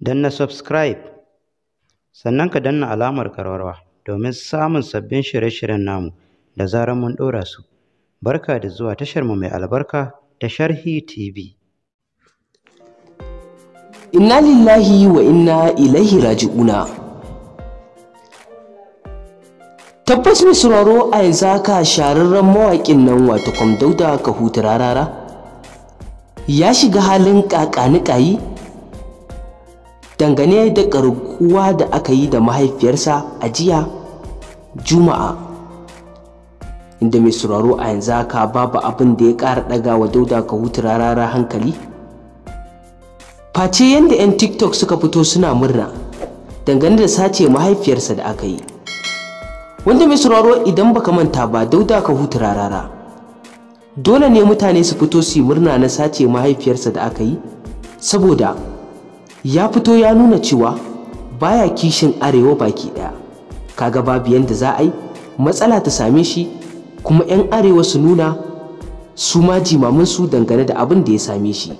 na subscribe sannan ka danna alamar karwarwa domin samun sabbin shirye-shiryen namu da zarar mun ɗora su. Barka da zuwa tashar tasharmu mai albarka ta Sharhi TV. Inna lillahi wa inna ilaihi raji'una. Tabbas mai sauraro a yanzu haka shararren mawaƙin nan wato ka hutu Rarara ya shiga halin ƙaƙani ƙayi dangane da karkuwa da aka yi da mahaifiyarsa a jiya juma'a inda mai sauraro a yanzu haka babu abin da ya ƙara ɗaga wa dauda ka hutu rarara hankali face yadda 'yan tiktok suka fito suna murna dangane da sace mahaifiyarsa da aka yi wanda mai sauraro idan baka manta ba dauda ka hutu rarara dole ne mutane su fito su yi murna na sace mahaifiyarsa da aka yi saboda ya fito ya nuna cewa baya kishin arewa baki ɗaya kaga babu yanda za a yi matsala ta same shi kuma 'yan arewa su nuna su ma jimamin su dangane da abin da ya same shi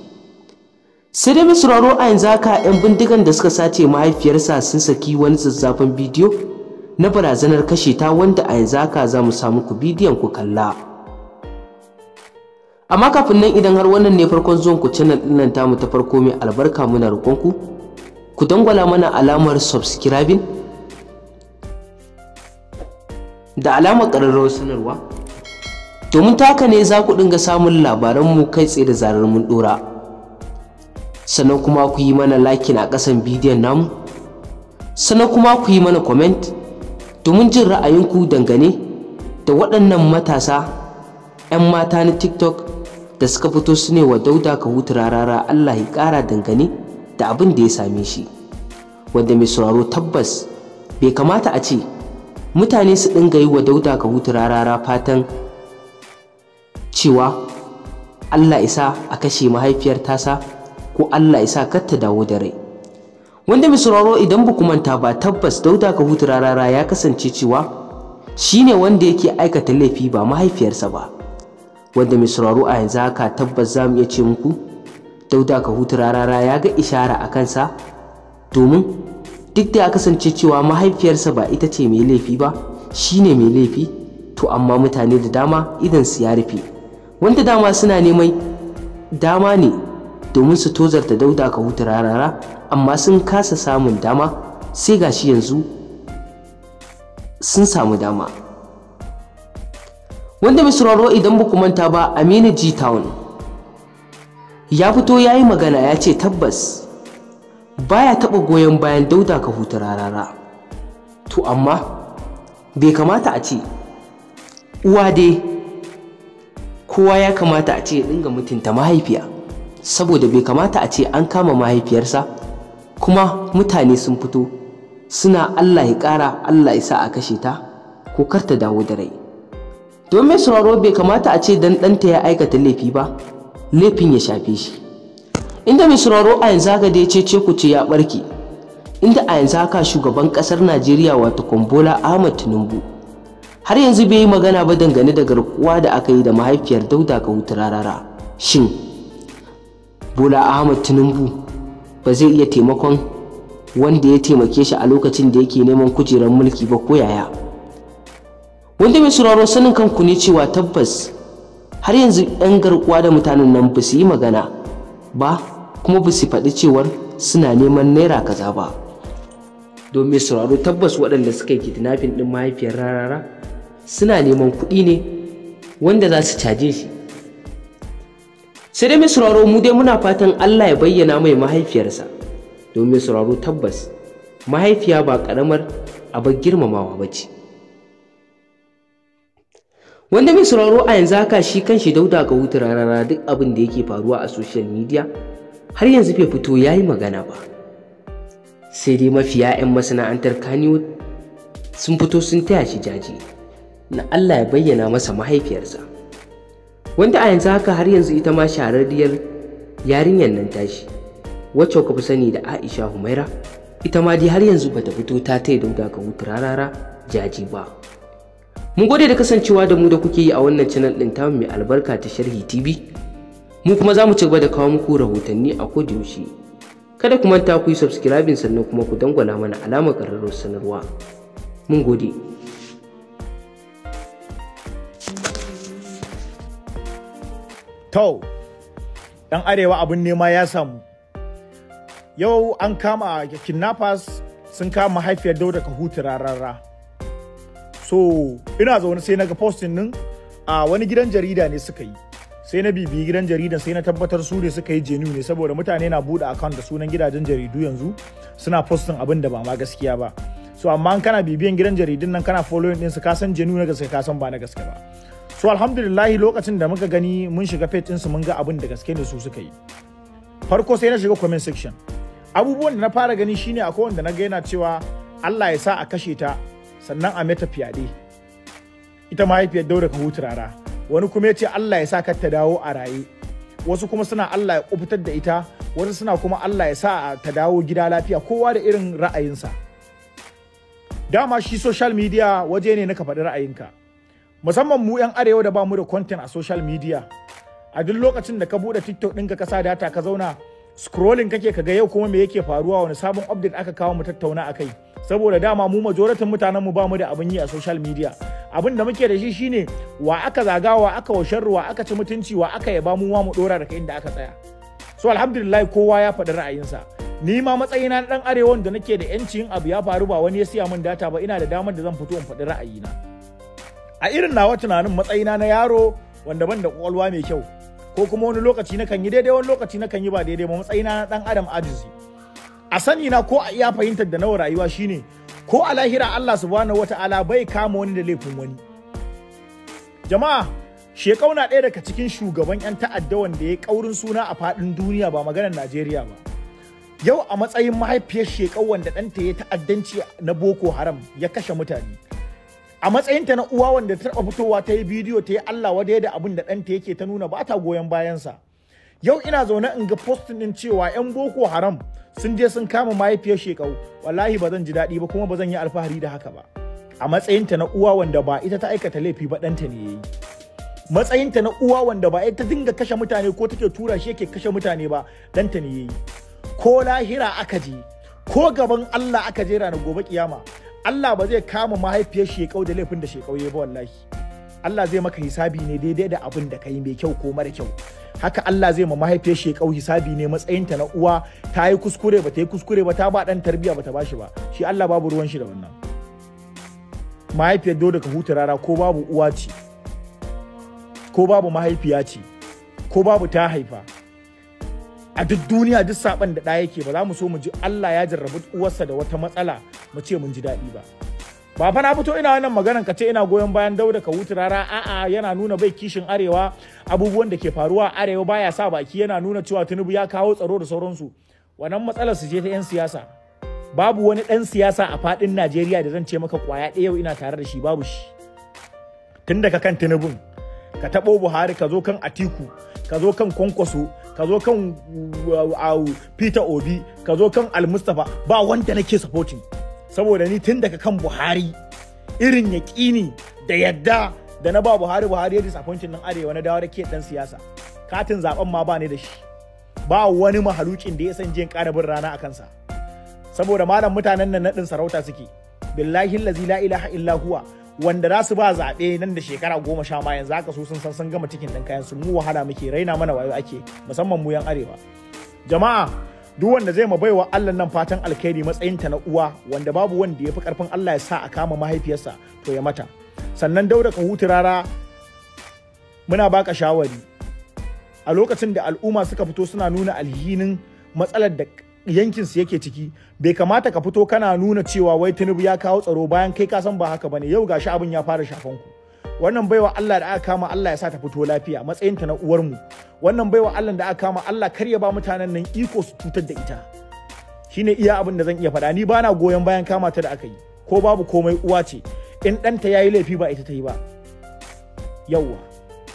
sai dai sauraro a yanzu haka 'yan bindigan da suka sace mahaifiyarsa sun saki wani zazzafan bidiyo na barazanar kashe ta wanda a yanzu haka za mu samu ku bidiyon ku kalla amma kafin nan idan har wannan ne farkon zuwan ku channel din nan tamu ta farko mai albarka muna roƙon ku ku dangwala mana alamar subscribing da alamar ƙararrawar sanarwa domin taka ne za ku dinga samun labaran mu kai tsaye da zarar mun dora sannan kuma ku yi mana lakin a ƙasan bidiyon namu sannan kuma ku yi mana comment domin jin ra'ayinku dangane da waɗannan matasa 'yan mata na tiktok da suka fito su ne wa dauda ka hutu rarara Allah ya ƙara dangane da abin da ya same shi wanda mai sauraro tabbas bai kamata a ce mutane su dinga yi wa dauda ka hutu rarara fatan cewa Allah isa a kashe mahaifiyar tasa ko Allah isa kar ta dawo da rai wanda mai sauraro idan ba manta ba tabbas dauda ka hutu rarara ya kasance cewa shine wanda yake aikata laifi ba mahaifiyarsa ba wanda mai sauraro a yanzu haka tabbas za mu iya ce muku dauda ka hutu rarara ya ga ishara a kansa domin duk da ya kasance cewa mahaifiyarsa ba ita ce mai laifi ba shi ne mai laifi to amma mutane da dama idan su ya rufe wanda dama suna neman dama ne domin su tozarta dauda ka hutu rarara amma sun kasa samun dama sai gashi yanzu sun samu dama wanda mai sauraro idan ba ku manta ba Aminu G Town ya fito ya yi magana ya ce tabbas baya taɓa goyon bayan dauda ka huta rarara to amma bai kamata a ce uwa dai kowa ya kamata a ce ya dinga mutunta mahaifiya saboda bai kamata a ce an kama mahaifiyarsa kuma mutane sun fito suna Allah ya ƙara Allah ya sa a kashe ta ko kar ta dawo da rai Domin mai sauraro bai kamata a ce dan ɗanta ya aikata laifi ba laifin ya shafe shi inda mai sauraro a yanzu haka da ya ce ce ku ce ya barke inda a yanzu haka shugaban ƙasar najeriya wato kwambola ahmad tinubu har yanzu bai yi magana ba dangane da garkuwa da aka yi da mahaifiyar dauda ga shin bola ahmad tinubu ba zai iya taimakon wanda ya taimake shi a lokacin da yake neman kujerar mulki ba ko yaya wanda mai sauraro sanin kanku ne cewa tabbas har yanzu 'yan garkuwa da mutanen nan ba su yi magana ba kuma ba su faɗi cewar suna neman naira kaza ba don mai sauraro tabbas waɗanda suka yi kidnapping ɗin mahaifiyar rarara suna neman kuɗi ne wanda za su caje shi sai dai mai sauraro mu dai muna fatan allah ya bayyana mai mahaifiyarsa don mai sauraro tabbas mahaifiya ba ƙaramar abar girmamawa ba ce wanda mai sauraro a yanzu haka shi kanshi dauda ga wutar rarara duk abin da yake faruwa a social media har yanzu bai fito ya yi magana ba sai dai mafiya 'yan masana'antar kaniwood sun fito sun taya shi jaji na allah ya bayyana masa mahaifiyarsa wanda a yanzu haka har yanzu ita ma shahararriyar yarinyar nan tashi wacce kuka fi sani da aisha humaira ita ma dai har yanzu bata fito ta taya dauda ga wutar rarara jaji ba Mun gode da kasancewa da mu da kuke yi a wannan channel ɗin tamu mai albarka ta Sharhi TV. Mu kuma za mu ci gaba da kawo muku rahotanni a yaushe. Kada ku manta ku yi subscribing sannan kuma ku dangwala mana alamar ƙararrawar sanarwa. Mun gode. To, ɗan arewa abin nema ya samu. Yau an kama kidnappers sun kama mahaifiyar Dauda hutu rararra. so ina zaune sai na ga postin nin a wani gidan jarida ne suka yi sai na bibiyi gidan jaridan sai na tabbatar su ne suka yi jenu ne saboda mutane na buɗe account da sunan gidajen jaridu yanzu suna postin abin da ba ma gaskiya ba so amma kana bibiyan gidan jaridun nan kana following ɗinsu ka san jenu na gaske ka san ba na gaske ba so alhamdulillahi lokacin da muka gani mun shiga page ɗinsu mun ga abin da gaske ne su suka yi farko sai na shiga comment section abubuwan da na fara gani shine akwai wanda na ga yana cewa Allah ya sa a kashe ta sannan a mata fyaɗe ita mahaifiyar daura ka hutu rara wani kuma ya ce Allah ya sa ka ta dawo a raye wasu kuma suna Allah ya kubutar da ita wasu suna kuma Allah ya sa ta dawo gida lafiya kowa da irin ra'ayinsa dama shi social media waje ne na ka faɗi ra'ayinka musamman mu 'yan arewa da bamu da content a social media a duk lokacin da ka buɗe tiktok ɗinka ka sa data ka zauna scrolling kake ka ga yau kuma me yake faruwa wani sabon update aka kawo mu tattauna akai saboda dama mu majoratin mutanen mu ba mu da abin yi a social media abin da muke da shi shine wa aka zaga wa aka washarru wa aka ci mutunci wa aka yaba mu wa mu dora daga inda aka tsaya so alhamdulillah kowa ya faɗi ra'ayinsa ni ma matsayina na dan arewan da nake da yancin abu ya faru ba wani ya siya min data ba ina da damar da zan fito in faɗi ra'ayina a irin nawa tunanin matsayina na yaro wanda ban da kwakwalwa mai kyau ko kuma wani lokaci na kan yi daidai wani lokaci na kan yi ba daidai ba matsayina na dan adam ajizi a sani na ko a iya fahimtar da nawa rayuwa shine ko a lahira Allah subhanahu wata'ala bai kama wani da laifin wani jama'a shekau na ɗaya daga cikin shugaban 'yan ta'adda wanda ya kaurin suna a faɗin duniya ba maganar Najeriya ba yau a matsayin mahaifiyar shekau wanda ɗanta ya ta'addanci na Boko Haram ya kashe mutane a matsayinta na uwa wanda ta taɓa fitowa ta yi bidiyo ta yi Allah wadai da abin da ɗanta yake ta nuna ba ta goyon bayansa yau ina zaune in ga postin ɗin cewa 'yan Boko Haram sun je sun kama mahaifiyar shekau wallahi ba zan ji daɗi ba kuma ba zan yi alfahari da haka ba a matsayinta na uwa wanda ba ita ta aikata laifi ba ɗanta ne yayi matsayinta na uwa wanda ba ita dinga kashe mutane ko take tura shi yake kashe mutane ba ɗanta ne yayi ko lahira aka je ko gaban Allah aka je rana gobe kiyama Allah ba zai kama mahaifiyar shekau da laifin da shekau ya ba wallahi Allah zai maka hisabi ne daidai da abin da ka yi mai kyau ko mara kyau haka Allah zai ma mahaifiyar shi kau hisabi ne matsayinta na uwa ta yi kuskure ba ta yi kuskure ba ta ba ɗan tarbiyya ba ta ba shi ba shi Allah babu ruwan shi da wannan mahaifiyar dole ka huta rara ko babu uwa ce ko babu mahaifiya ce ko babu ta haifa a duk duniya duk saɓan da ɗaya yake ba za mu so mu ji Allah ya jarrabu uwarsa da wata matsala mu ce mun ji daɗi ba ba fa na fito ina wannan maganan ka ce ina goyon bayan dauda ka wuce rara a'a yana nuna bai kishin arewa abubuwan da ke faruwa arewa baya sa baki yana nuna cewa tinubu ya kawo tsaro da sauransu wannan matsalar su je ta yan siyasa babu wani dan siyasa a fadin najeriya da zan ce maka kwaya ɗaya yau ina tare da shi babu shi tun daga kan tinubun ka taɓo buhari ka zo kan atiku ka zo kan kwankwaso ka zo kan uh, uh, peter obi ka zo kan almustapha ba wanda nake supporting saboda ni tun daga kan buhari irin yaƙini da yadda da na ba buhari buhari ya disappointin nan arewa na dawo da ke dan siyasa katin zaben ma ba ni da shi ba wani mahalucin da ya san jin ƙara bin rana a kansa saboda malam mutanen nan naɗin sarauta suke billahi lazi la ilaha illa huwa wanda za su ba zaɓe nan da shekara goma sha ma yanzu aka su sun san sun gama cikin ɗin kayan su mu wahala muke raina mana wayo ake musamman mu yan arewa jama'a duk wanda zai ma baiwa Allah nan fatan alkhairi matsayinta na uwa wanda babu wanda ya fi karfin Allah ya sa a kama mahaifiyarsa to ya mata sannan dauda ka hutu rara muna baka shawari a lokacin da al'umma suka fito suna nuna alhinin matsalar da yankinsu yake ciki bai kamata ka fito kana nuna cewa wai tinubu ya kawo tsaro bayan kai ka san ba haka bane yau gashi abin ya fara shafan ku wannan baiwa Allah da aka kama Allah ya sa ta fito lafiya matsayinta na uwarmu wannan baiwa Allah da aka kama Allah kar ya ba mutanen nan iko su cutar da ita shine iya abin da zan iya faɗa ni bana goyon bayan kama ta da aka yi ko babu komai uwa ce in ɗanta ya yi laifi ba ita ta yi ba yawwa